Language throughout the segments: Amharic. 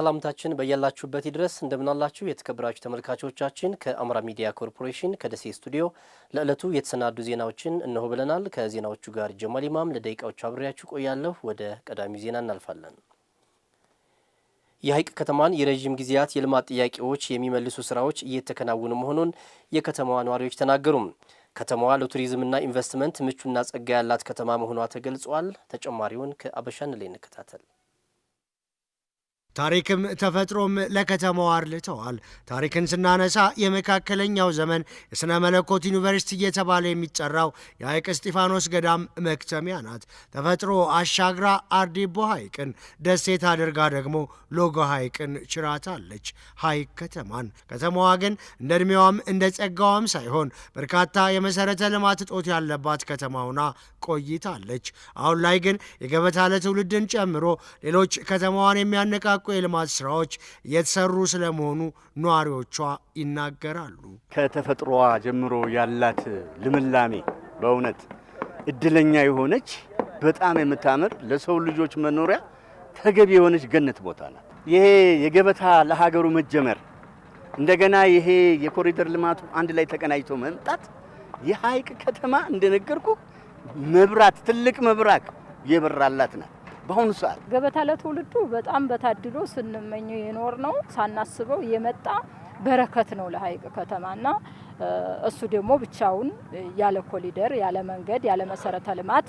ሰላምታችን በያላችሁበት ድረስ እንደምናላችሁ የተከበራችሁ ተመልካቾቻችን፣ ከአማራ ሚዲያ ኮርፖሬሽን ከደሴ ስቱዲዮ ለዕለቱ የተሰናዱ ዜናዎችን እነሆ ብለናል። ከዜናዎቹ ጋር ጀማል ኢማም ለደቂቃዎቹ አብሬያችሁ ቆያለሁ። ወደ ቀዳሚው ዜና እናልፋለን። የሐይቅ ከተማን የረዥም ጊዜያት የልማት ጥያቄዎች የሚመልሱ ስራዎች እየተከናወኑ መሆኑን የከተማዋ ነዋሪዎች ተናገሩም። ከተማዋ ለቱሪዝምና ኢንቨስትመንት ምቹና ጸጋ ያላት ከተማ መሆኗ ተገልጿል። ተጨማሪውን ከአበሻን ላይ እንከታተል። ታሪክም ተፈጥሮም ለከተማዋ አርልተዋል። ታሪክን ስናነሳ የመካከለኛው ዘመን የሥነ መለኮት ዩኒቨርሲቲ እየተባለ የሚጠራው የሐይቅ እስጢፋኖስ ገዳም መክተሚያ ናት። ተፈጥሮ አሻግራ አርዲቦ ሐይቅን፣ ደሴት አድርጋ ደግሞ ሎጎ ሐይቅን ችራታለች ሐይቅ ከተማን። ከተማዋ ግን እንደ ዕድሜዋም እንደ ጸጋዋም ሳይሆን በርካታ የመሠረተ ልማት እጦት ያለባት ከተማ ሆና ቆይታለች። አሁን ላይ ግን የገበታ ለትውልድን ጨምሮ ሌሎች ከተማዋን የሚያነቃ የተሳኩ የልማት ስራዎች የተሰሩ ስለመሆኑ ነዋሪዎቿ ይናገራሉ። ከተፈጥሮዋ ጀምሮ ያላት ልምላሜ በእውነት እድለኛ የሆነች በጣም የምታምር ለሰው ልጆች መኖሪያ ተገቢ የሆነች ገነት ቦታ ናት። ይሄ የገበታ ለሀገሩ መጀመር እንደገና ይሄ የኮሪደር ልማቱ አንድ ላይ ተቀናጅቶ መምጣት የሀይቅ ከተማ እንደነገርኩ መብራት ትልቅ መብራት የበራላት ናት። በአሁኑ ሰዓት ገበታ ለትውልዱ በጣም በታድሎ ስንመኘው የኖር ነው ሳናስበው የመጣ በረከት ነው ለሀይቅ ከተማና እሱ ደግሞ ብቻውን ያለ ኮሊደር ያለ መንገድ ያለ መሰረተ ልማት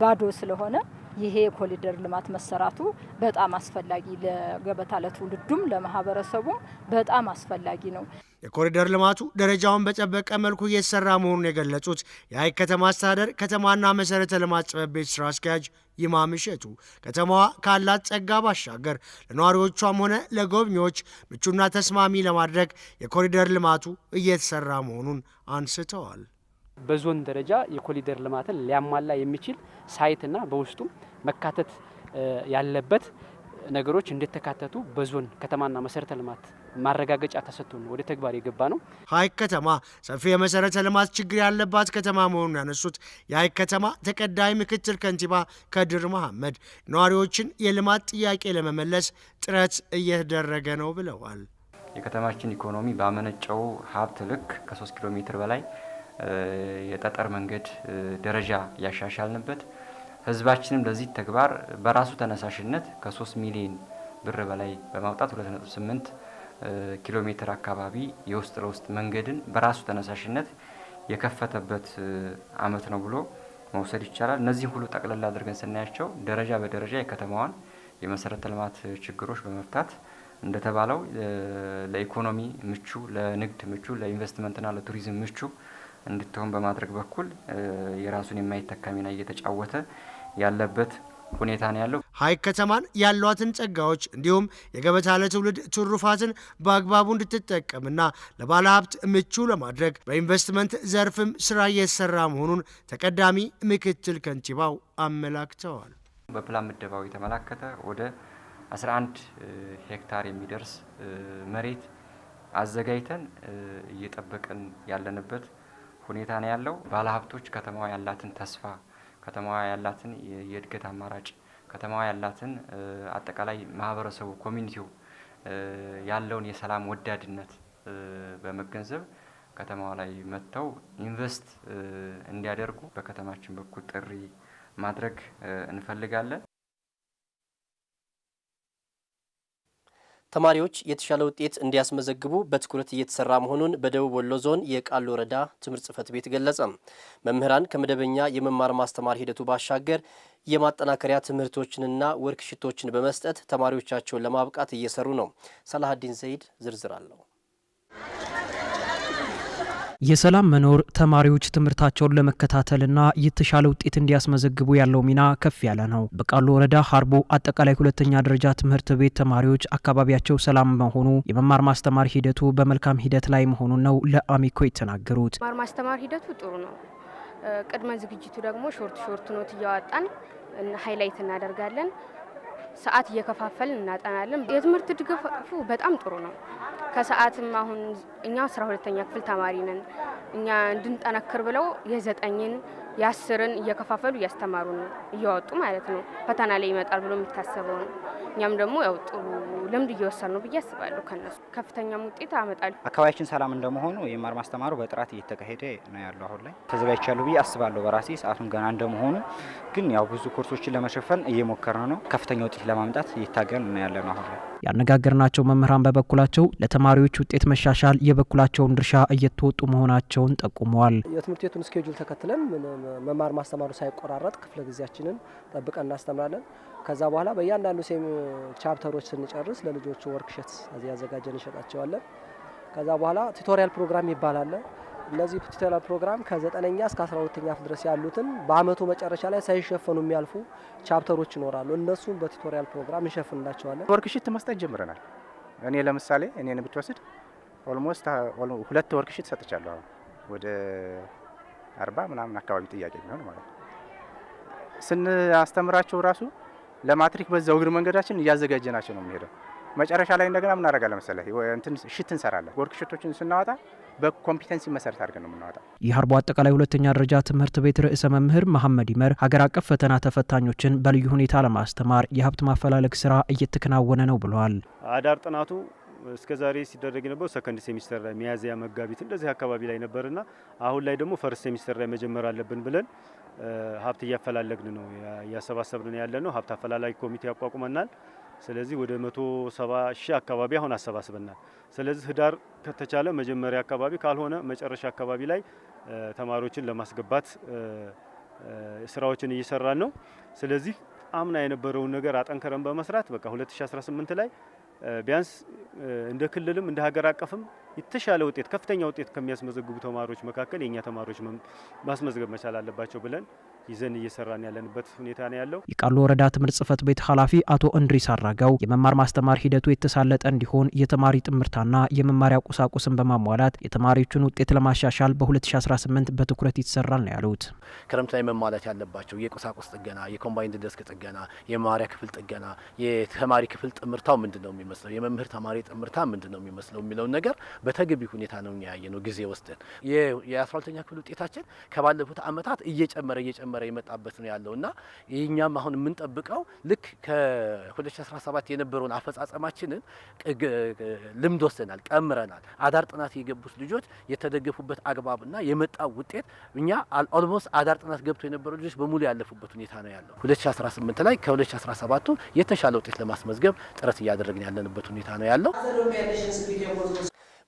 ባዶ ስለሆነ ይሄ የኮሊደር ልማት መሰራቱ በጣም አስፈላጊ ለገበታ ለትውልዱም ለማህበረሰቡም በጣም አስፈላጊ ነው። የኮሪደር ልማቱ ደረጃውን በጠበቀ መልኩ እየተሰራ መሆኑን የገለጹት የሀይቅ ከተማ አስተዳደር ከተማና መሰረተ ልማት ጽሕፈት ቤት ስራ አስኪያጅ ይማም እሸቱ ከተማዋ ካላት ጸጋ ባሻገር ለነዋሪዎቿም ሆነ ለጎብኚዎች ምቹና ተስማሚ ለማድረግ የኮሪደር ልማቱ እየተሰራ መሆኑን አንስተዋል። በዞን ደረጃ የኮሪደር ልማትን ሊያሟላ የሚችል ሳይትና በውስጡም መካተት ያለበት ነገሮች እንደተካተቱ በዞን ከተማና መሰረተ ልማት ማረጋገጫ ተሰጥቶ ነው ወደ ተግባር የገባ ነው። ሀይቅ ከተማ ሰፊ የመሰረተ ልማት ችግር ያለባት ከተማ መሆኑን ያነሱት የሀይቅ ከተማ ተቀዳሚ ምክትል ከንቲባ ከድር መሐመድ ነዋሪዎችን የልማት ጥያቄ ለመመለስ ጥረት እየተደረገ ነው ብለዋል። የከተማችን ኢኮኖሚ ባመነጨው ሀብት ልክ ከሶስት ኪሎ ሜትር በላይ የጠጠር መንገድ ደረጃ ያሻሻልንበት ህዝባችንም ለዚህ ተግባር በራሱ ተነሳሽነት ከ3 ሚሊዮን ብር በላይ በማውጣት 2.8 ኪሎ ሜትር አካባቢ የውስጥ ለውስጥ መንገድን በራሱ ተነሳሽነት የከፈተበት አመት ነው ብሎ መውሰድ ይቻላል። እነዚህም ሁሉ ጠቅላላ አድርገን ስናያቸው ደረጃ በደረጃ የከተማዋን የመሰረተ ልማት ችግሮች በመፍታት እንደተባለው ለኢኮኖሚ ምቹ፣ ለንግድ ምቹ፣ ለኢንቨስትመንትና ለቱሪዝም ምቹ እንድትሆን በማድረግ በኩል የራሱን የማይተካ ሚና እየተጫወተ ያለበት ሁኔታ ነው ያለው። ሐይቅ ከተማን ያሏትን ጸጋዎች እንዲሁም የገበታ ለትውልድ ትሩፋትን በአግባቡ እንድትጠቀምና ለባለ ሀብት ምቹ ለማድረግ በኢንቨስትመንት ዘርፍም ስራ እየተሰራ መሆኑን ተቀዳሚ ምክትል ከንቲባው አመላክተዋል። በፕላን ምደባው የተመላከተ ወደ 11 ሄክታር የሚደርስ መሬት አዘጋጅተን እየጠበቅን ያለንበት ሁኔታ ነው ያለው። ባለሀብቶች ከተማዋ ያላትን ተስፋ ከተማዋ ያላትን የእድገት አማራጭ ከተማዋ ያላትን አጠቃላይ ማህበረሰቡ ኮሚኒቲው ያለውን የሰላም ወዳድነት በመገንዘብ ከተማዋ ላይ መጥተው ኢንቨስት እንዲያደርጉ በከተማችን በኩል ጥሪ ማድረግ እንፈልጋለን። ተማሪዎች የተሻለ ውጤት እንዲያስመዘግቡ በትኩረት እየተሰራ መሆኑን በደቡብ ወሎ ዞን የቃሉ ወረዳ ትምህርት ጽፈት ቤት ገለጸ። መምህራን ከመደበኛ የመማር ማስተማር ሂደቱ ባሻገር የማጠናከሪያ ትምህርቶችንና ወርክሽቶችን በመስጠት ተማሪዎቻቸውን ለማብቃት እየሰሩ ነው። ሰላሀዲን ዘይድ ዝርዝር አለው። የሰላም መኖር ተማሪዎች ትምህርታቸውን ለመከታተልና የተሻለ ውጤት እንዲያስመዘግቡ ያለው ሚና ከፍ ያለ ነው። በቃሉ ወረዳ ሀርቦ አጠቃላይ ሁለተኛ ደረጃ ትምህርት ቤት ተማሪዎች አካባቢያቸው ሰላም መሆኑ የመማር ማስተማር ሂደቱ በመልካም ሂደት ላይ መሆኑን ነው ለአሚኮ የተናገሩት። መማር ማስተማር ሂደቱ ጥሩ ነው። ቅድመ ዝግጅቱ ደግሞ ሾርት ሾርት ኖት እያወጣን ሃይላይት እናደርጋለን። ሰዓት እየከፋፈልን እናጠናለን። የትምህርት ድጋፉ በጣም ጥሩ ነው። ከሰዓትም አሁን እኛ አስራ ሁለተኛ ክፍል ተማሪ ነን። እኛ እንድንጠነክር ብለው የዘጠኝን የአስርን እየከፋፈሉ እያስተማሩ ነው እያወጡ ማለት ነው። ፈተና ላይ ይመጣል ብሎ የሚታሰበው ነው። እኛም ደግሞ ያው ጥሩ ልምድ እየወሰን ነው ብዬ አስባለሁ። ከነሱ ከፍተኛም ውጤት አመጣሉ። አካባቢያችን ሰላም እንደመሆኑ የመማር ማስተማሩ በጥራት እየተካሄደ ነው ያለው። አሁን ላይ ተዘጋጅቻለሁ ብዬ አስባለሁ በራሴ ሰዓቱም ገና እንደመሆኑ ግን ያው ብዙ ኮርሶችን ለመሸፈን እየሞከረ ነው። ከፍተኛ ውጤት ለማምጣት እየታገል ነው ያለ ነው አሁን ላይ። ያነጋገርናቸው መምህራን በበኩላቸው ለተማሪዎች ውጤት መሻሻል የበኩላቸውን ድርሻ እየተወጡ መሆናቸውን ጠቁመዋል። የትምህርት ቤቱን ስኬጁል ተከትለን መማር ማስተማሩ ሳይቆራረጥ ክፍለ ጊዜያችንን ጠብቀን እናስተምራለን። ከዛ በኋላ በእያንዳንዱ ሴም ቻፕተሮች ስንጨርስ ለልጆቹ ወርክሸት ያዘጋጀን እንሸጣቸዋለን። ከዛ በኋላ ቱቶሪያል ፕሮግራም ይባላል። እነዚህ ቱቶሪያል ፕሮግራም ከዘጠነኛ እስከ አስራ ሁለተኛ ድረስ ያሉትን በአመቱ መጨረሻ ላይ ሳይሸፈኑ የሚያልፉ ቻፕተሮች ይኖራሉ። እነሱን በቱቶሪያል ፕሮግራም እንሸፍንላቸዋለን። ወርክሽት መስጠት ጀምረናል። እኔ ለምሳሌ እኔን ብትወስድ ኦልሞስት ሁለት ወርክሽት ሰጥቻለሁ። አሁን ወደ አርባ ምናምን አካባቢ ጥያቄ የሚሆን ማለት ነው ስናስተምራቸው ራሱ ለማትሪክ በዛው እግር መንገዳችን እያዘጋጀናቸው ነው የሚሄደው። መጨረሻ ላይ እንደገና ምናደርጋለን መሰለህ እንትን ሽት እንሰራለን። ወርክ ሽቶችን ስናወጣ በኮምፒተንሲ መሰረት አድርገን ነው የምናወጣው። የሀርቦ አጠቃላይ ሁለተኛ ደረጃ ትምህርት ቤት ርዕሰ መምህር መሐመድ ይመር ሀገር አቀፍ ፈተና ተፈታኞችን በልዩ ሁኔታ ለማስተማር የሀብት ማፈላለግ ስራ እየተከናወነ ነው ብለዋል። አዳር ጥናቱ እስከ ዛሬ ሲደረግ የነበረው ሰከንድ ሴሚስተር ላይ ሚያዝያ፣ መጋቢት እንደዚህ አካባቢ ላይ ነበርና አሁን ላይ ደግሞ ፈርስት ሴሚስተር ላይ መጀመር አለብን ብለን ሀብት እያፈላለግን ነው እያሰባሰብን ነው ያለ ነው። ሀብት አፈላላጊ ኮሚቴ ያቋቁመናል። ስለዚህ ወደ መቶ ሰባ ሺህ አካባቢ አሁን አሰባስበናል። ስለዚህ ህዳር ከተቻለ መጀመሪያ አካባቢ ካልሆነ መጨረሻ አካባቢ ላይ ተማሪዎችን ለማስገባት ስራዎችን እየሰራን ነው። ስለዚህ አምና የነበረውን ነገር አጠንከረን በመስራት በቃ 2018 ላይ ቢያንስ እንደ ክልልም እንደ ሀገር አቀፍም የተሻለ ውጤት ከፍተኛ ውጤት ከሚያስመዘግቡ ተማሪዎች መካከል የእኛ ተማሪዎች ማስመዝገብ መቻል አለባቸው ብለን ይዘን እየሰራን ያለንበት ሁኔታ ነው ያለው። የቃሉ ወረዳ ትምህርት ጽህፈት ቤት ኃላፊ አቶ እንድሪስ አራጋው የመማር ማስተማር ሂደቱ የተሳለጠ እንዲሆን የተማሪ ጥምርታና የመማሪያ ቁሳቁስን በማሟላት የተማሪዎቹን ውጤት ለማሻሻል በ2018 በትኩረት ይሰራል ነው ያሉት። ክረምት ላይ መሟላት ያለባቸው የቁሳቁስ ጥገና፣ የኮምባይንድ ደስክ ጥገና፣ የመማሪያ ክፍል ጥገና፣ የተማሪ ክፍል ጥምርታው ምንድን ነው የሚመስለው፣ የመምህር ተማሪ ጥምርታ ምንድን ነው የሚመስለው የሚለውን ነገር በተገቢ ሁኔታ ነው ያየ ነው ጊዜ ወስደን የ 12 ኛ ክፍል ውጤታችን ከባለፉት አመታት እየጨመረ እየጨመረ እየጨመረ የመጣበት ነው ያለው እና ይህኛም አሁን የምንጠብቀው ልክ ከ2017 የነበረውን አፈጻጸማችንን ልምድ ወስደናል፣ ቀምረናል። አዳር ጥናት የገቡት ልጆች የተደገፉበት አግባብና የመጣው ውጤት እኛ ኦልሞስት አዳር ጥናት ገብቶ የነበሩ ልጆች በሙሉ ያለፉበት ሁኔታ ነው ያለው። 2018 ላይ ከ2017 የተሻለ ውጤት ለማስመዝገብ ጥረት እያደረግን ያለንበት ሁኔታ ነው ያለው።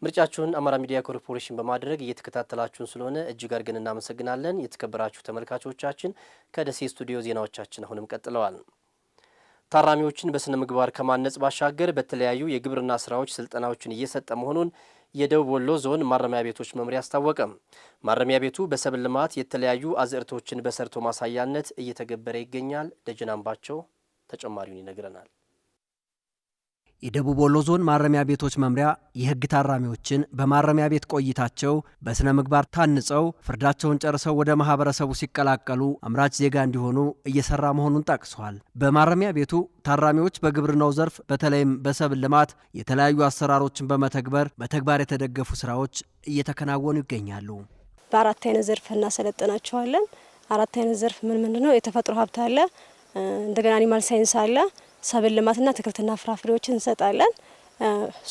ምርጫችሁን አማራ ሚዲያ ኮርፖሬሽን በማድረግ እየተከታተላችሁን ስለሆነ እጅግ አድርገን እናመሰግናለን። የተከበራችሁ ተመልካቾቻችን ከደሴ ስቱዲዮ ዜናዎቻችን አሁንም ቀጥለዋል። ታራሚዎችን በስነ ምግባር ከማነጽ ባሻገር በተለያዩ የግብርና ስራዎች ስልጠናዎችን እየሰጠ መሆኑን የደቡብ ወሎ ዞን ማረሚያ ቤቶች መምሪያ አስታወቀ። ማረሚያ ቤቱ በሰብል ልማት የተለያዩ አዝዕርቶችን በሰርቶ ማሳያነት እየተገበረ ይገኛል። ደጀናምባቸው ተጨማሪውን ይነግረናል። የደቡብ ወሎ ዞን ማረሚያ ቤቶች መምሪያ የሕግ ታራሚዎችን በማረሚያ ቤት ቆይታቸው በሥነ ምግባር ታንጸው ፍርዳቸውን ጨርሰው ወደ ማህበረሰቡ ሲቀላቀሉ አምራች ዜጋ እንዲሆኑ እየሰራ መሆኑን ጠቅሷል። በማረሚያ ቤቱ ታራሚዎች በግብርናው ዘርፍ በተለይም በሰብል ልማት የተለያዩ አሰራሮችን በመተግበር በተግባር የተደገፉ ስራዎች እየተከናወኑ ይገኛሉ። በአራት አይነት ዘርፍ እናሰለጥናቸዋለን። አራት አይነት ዘርፍ ምን ምንድን ነው? የተፈጥሮ ሀብት አለ፣ እንደገና አኒማል ሳይንስ አለ ሰብል ልማትና አትክልትና ፍራፍሬዎችን እንሰጣለን።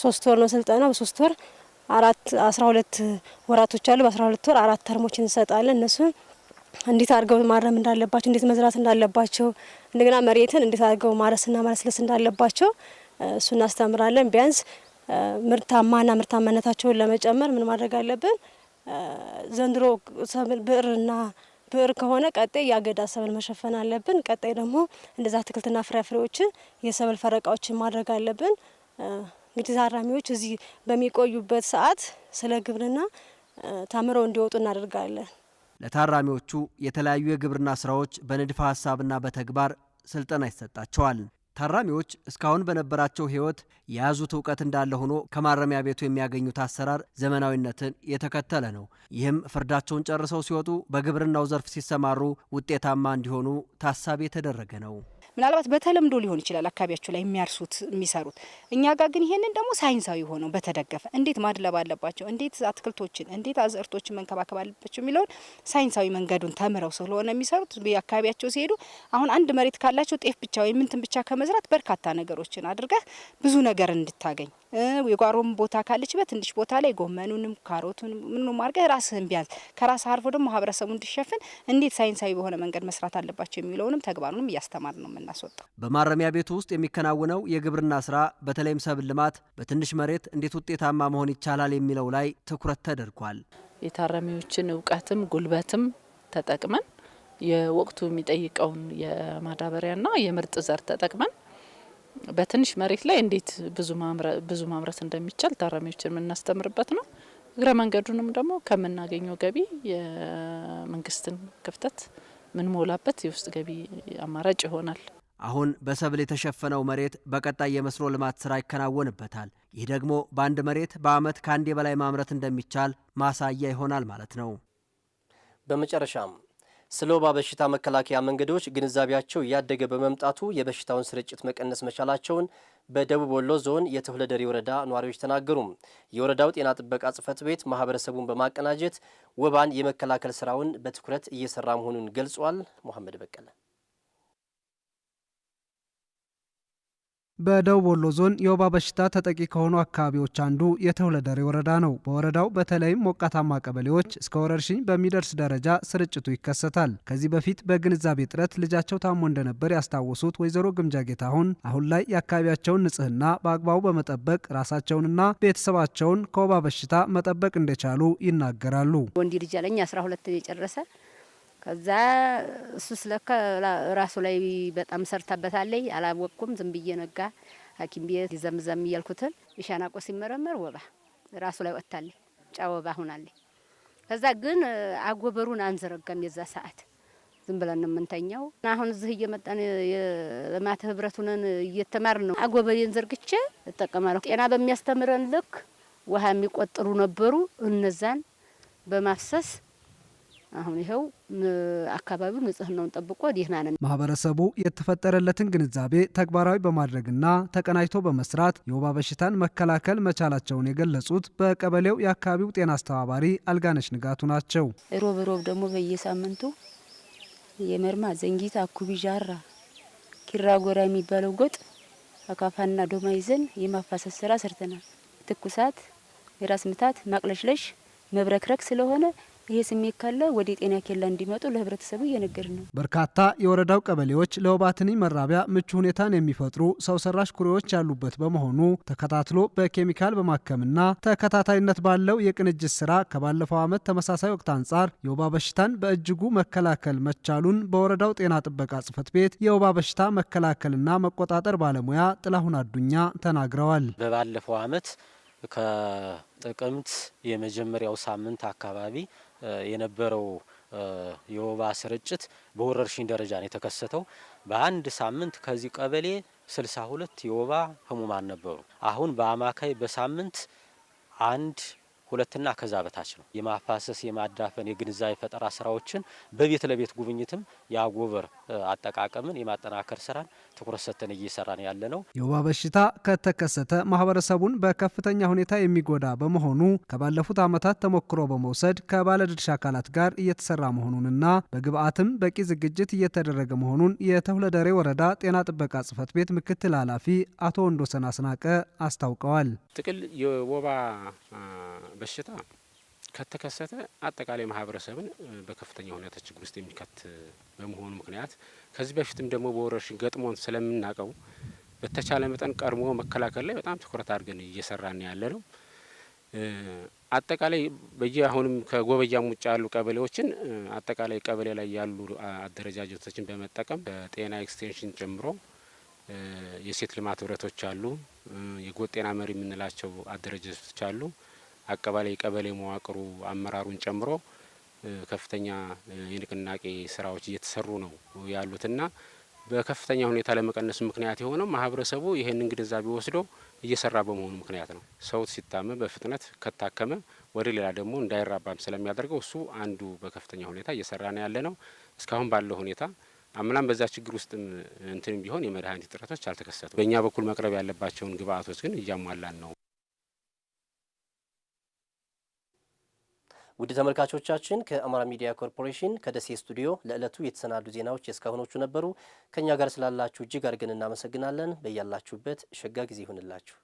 ሶስት ወር ነው ስልጠናው። በሶስት ወር አራት አስራ ሁለት ወራቶች አሉ። በአስራ ሁለት ወር አራት ተርሞች እንሰጣለን። እነሱን እንዴት አድርገው ማረም እንዳለባቸው፣ እንዴት መዝራት እንዳለባቸው፣ እንደገና መሬትን እንዴት አድርገው ማረስና ማለስለስ እንዳለባቸው እሱ እናስተምራለን። ቢያንስ ምርታማና ምርታማነታቸውን ለመጨመር ምን ማድረግ አለብን? ዘንድሮ ሰብል ብዕርና ብር ከሆነ ቀጣይ የአገዳ ሰብል መሸፈን አለብን። ቀጣይ ደግሞ እንደዛ አትክልትና ፍራፍሬዎችን የሰብል ፈረቃዎችን ማድረግ አለብን። እንግዲህ ታራሚዎች እዚህ በሚቆዩበት ሰዓት ስለ ግብርና ተምረው እንዲወጡ እናደርጋለን። ለታራሚዎቹ የተለያዩ የግብርና ስራዎች በንድፈ ሀሳብና በተግባር ስልጠና ይሰጣቸዋል። ታራሚዎች እስካሁን በነበራቸው ሕይወት የያዙት እውቀት እንዳለ ሆኖ ከማረሚያ ቤቱ የሚያገኙት አሰራር ዘመናዊነትን የተከተለ ነው። ይህም ፍርዳቸውን ጨርሰው ሲወጡ በግብርናው ዘርፍ ሲሰማሩ ውጤታማ እንዲሆኑ ታሳቢ የተደረገ ነው። ምናልባት በተለምዶ ሊሆን ይችላል አካባቢያቸው ላይ የሚያርሱት የሚሰሩት። እኛ ጋር ግን ይሄንን ደግሞ ሳይንሳዊ ሆነው በተደገፈ እንዴት ማድለብ አለባቸው፣ እንዴት አትክልቶችን፣ እንዴት አዝርቶችን መንከባከብ አለባቸው የሚለውን ሳይንሳዊ መንገዱን ተምረው ስለሆነ የሚሰሩት አካባቢያቸው ሲሄዱ አሁን አንድ መሬት ካላቸው ጤፍ ብቻ ወይም እንትን ብቻ ከመዝራት በርካታ ነገሮችን አድርገህ ብዙ ነገር እንድታገኝ የጓሮም ቦታ ካለች በትንሽ ቦታ ላይ ጎመኑንም ካሮቱንም ምንም አድርገህ ራስህን ቢያንስ ከራስ አርፎ ደግሞ ማህበረሰቡ እንዲሸፍን እንዴት ሳይንሳዊ በሆነ መንገድ መስራት አለባቸው የሚለውንም ተግባሩንም እያስተማር ነው የምናስወጣው። በማረሚያ ቤቱ ውስጥ የሚከናውነው የግብርና ስራ በተለይም ሰብል ልማት በትንሽ መሬት እንዴት ውጤታማ መሆን ይቻላል የሚለው ላይ ትኩረት ተደርጓል። የታረሚዎችን እውቀትም ጉልበትም ተጠቅመን የወቅቱ የሚጠይቀውን የማዳበሪያና የምርጥ ዘር ተጠቅመን በትንሽ መሬት ላይ እንዴት ብዙ ማምረት እንደሚቻል ታራሚዎችን የምናስተምርበት ነው። እግረ መንገዱንም ደግሞ ከምናገኘው ገቢ የመንግስትን ክፍተት ምንሞላበት የውስጥ ገቢ አማራጭ ይሆናል። አሁን በሰብል የተሸፈነው መሬት በቀጣይ የመስኖ ልማት ስራ ይከናወንበታል። ይህ ደግሞ በአንድ መሬት በአመት ከአንዴ በላይ ማምረት እንደሚቻል ማሳያ ይሆናል ማለት ነው። በመጨረሻም ስለ ወባ በሽታ መከላከያ መንገዶች ግንዛቤያቸው እያደገ በመምጣቱ የበሽታውን ስርጭት መቀነስ መቻላቸውን በደቡብ ወሎ ዞን የተሁለደሬ ወረዳ ነዋሪዎች ተናገሩም። የወረዳው ጤና ጥበቃ ጽሕፈት ቤት ማህበረሰቡን በማቀናጀት ወባን የመከላከል ስራውን በትኩረት እየሰራ መሆኑን ገልጿል። መሐመድ በቀለ በደቡብ ወሎ ዞን የወባ በሽታ ተጠቂ ከሆኑ አካባቢዎች አንዱ የተውለደሬ ወረዳ ነው። በወረዳው በተለይም ሞቃታማ ቀበሌዎች እስከ ወረርሽኝ በሚደርስ ደረጃ ስርጭቱ ይከሰታል። ከዚህ በፊት በግንዛቤ እጥረት ልጃቸው ታሞ እንደነበር ያስታወሱት ወይዘሮ ግምጃ ጌታሁን አሁን ላይ የአካባቢያቸውን ንጽህና በአግባቡ በመጠበቅ ራሳቸውንና ቤተሰባቸውን ከወባ በሽታ መጠበቅ እንደቻሉ ይናገራሉ። ወንድ ልጅ አለኝ 12 የጨረሰ ከዛ እሱ ስለካ ራሱ ላይ በጣም ሰርታበታለይ። አላወቅኩም። ዝም ብዬ ነጋ ሐኪም ቤት ዘምዘም እያልኩትን ይሻናቆ ሲመረመር ወባ ራሱ ላይ ወጥታለ ጫ ወባ ሁናለ። ከዛ ግን አጎበሩን አንዘረጋም። የዛ ሰዓት ዝም ብለን የምንተኛው አሁን እዚህ እየመጣን የልማት ህብረቱንን እየተማር ነው። አጎበሬን ዘርግቼ እጠቀማለሁ። ጤና በሚያስተምረን ልክ ውሃ የሚቆጥሩ ነበሩ። እነዛን በማፍሰስ አሁን ይኸው አካባቢው ንጽህናውን ጠብቆ ደህና ነን። ማህበረሰቡ የተፈጠረለትን ግንዛቤ ተግባራዊ በማድረግና ተቀናጅቶ በመስራት የወባ በሽታን መከላከል መቻላቸውን የገለጹት በቀበሌው የአካባቢው ጤና አስተባባሪ አልጋነሽ ንጋቱ ናቸው። ሮብ ሮብ ደግሞ በየሳምንቱ የመርማ ዘንጊት አኩቢዣራ ኪራጎራ ኪራ ጎራ የሚባለው ጎጥ አካፋና ዶማ ይዘን የማፋሰስ ስራ ሰርተናል። ትኩሳት፣ የራስ ምታት፣ ማቅለሽለሽ፣ መብረክረክ ስለሆነ ይሄ ስሜት ካለ ወደ ጤና ኬላ እንዲመጡ ለህብረተሰቡ እየነገር ነው። በርካታ የወረዳው ቀበሌዎች ለወባ ትንኝ መራቢያ ምቹ ሁኔታን የሚፈጥሩ ሰው ሰራሽ ኩሬዎች ያሉበት በመሆኑ ተከታትሎ በኬሚካል በማከምና ተከታታይነት ባለው የቅንጅት ስራ ከባለፈው ዓመት ተመሳሳይ ወቅት አንጻር የወባ በሽታን በእጅጉ መከላከል መቻሉን በወረዳው ጤና ጥበቃ ጽህፈት ቤት የወባ በሽታ መከላከልና መቆጣጠር ባለሙያ ጥላሁን አዱኛ ተናግረዋል። በባለፈው ዓመት ከጥቅምት የመጀመሪያው ሳምንት አካባቢ የነበረው የወባ ስርጭት በወረርሽኝ ደረጃ ነው የተከሰተው። በአንድ ሳምንት ከዚህ ቀበሌ 62 የወባ ህሙማን ነበሩ። አሁን በአማካይ በሳምንት አንድ ሁለትና ከዛ በታች ነው። የማፋሰስ የማዳፈን የግንዛቤ ፈጠራ ስራዎችን በቤት ለቤት ጉብኝትም የአጎበር አጠቃቀምን የማጠናከር ስራን ትኩረት ሰጥተን እየሰራን ያለ ነው። የወባ በሽታ ከተከሰተ ማህበረሰቡን በከፍተኛ ሁኔታ የሚጎዳ በመሆኑ ከባለፉት ዓመታት ተሞክሮ በመውሰድ ከባለድርሻ አካላት ጋር እየተሰራ መሆኑንና በግብአትም በቂ ዝግጅት እየተደረገ መሆኑን የተሁለደሬ ወረዳ ጤና ጥበቃ ጽህፈት ቤት ምክትል ኃላፊ አቶ ወንዶሰን አስናቀ አስታውቀዋል። ጥቅል የወባ በሽታ ከተከሰተ አጠቃላይ ማህበረሰብን በከፍተኛ ሁኔታ ችግር ውስጥ የሚከት በመሆኑ ምክንያት ከዚህ በፊትም ደግሞ በወረርሽኝ ገጥሞን ስለምናውቀው በተቻለ መጠን ቀድሞ መከላከል ላይ በጣም ትኩረት አድርገን እየሰራን ያለ ነው። አጠቃላይ በየ አሁንም ከጎበያም ውጭ ያሉ ቀበሌዎችን አጠቃላይ ቀበሌ ላይ ያሉ አደረጃጀቶችን በመጠቀም በጤና ኤክስቴንሽን ጀምሮ የሴት ልማት ህብረቶች አሉ፣ የጎጥ ጤና መሪ የምንላቸው አደረጃጀቶች አሉ። አቀባላይ ቀበሌ መዋቅሩ አመራሩን ጨምሮ ከፍተኛ የንቅናቄ ስራዎች እየተሰሩ ነው ያሉትና በከፍተኛ ሁኔታ ለመቀነስ ምክንያት የሆነው ማህበረሰቡ ይህንን ግንዛቤ ወስዶ እየሰራ በመሆኑ ምክንያት ነው። ሰው ሲታመም በፍጥነት ከታከመ ወደ ሌላ ደግሞ እንዳይራባም ስለሚያደርገው እሱ አንዱ በከፍተኛ ሁኔታ እየሰራ ነው ያለ ነው። እስካሁን ባለው ሁኔታ አምናም በዛ ችግር ውስጥ እንትንም ቢሆን የመድኃኒት እጥረቶች አልተከሰቱ። በእኛ በኩል መቅረብ ያለባቸውን ግብአቶች ግን እያሟላን ነው። ውድ ተመልካቾቻችን ከአማራ ሚዲያ ኮርፖሬሽን ከደሴ ስቱዲዮ ለዕለቱ የተሰናዱ ዜናዎች የእስካሁኖቹ ነበሩ። ከእኛ ጋር ስላላችሁ እጅግ አድርገን እናመሰግናለን። በያላችሁበት ሸጋ ጊዜ ይሁንላችሁ።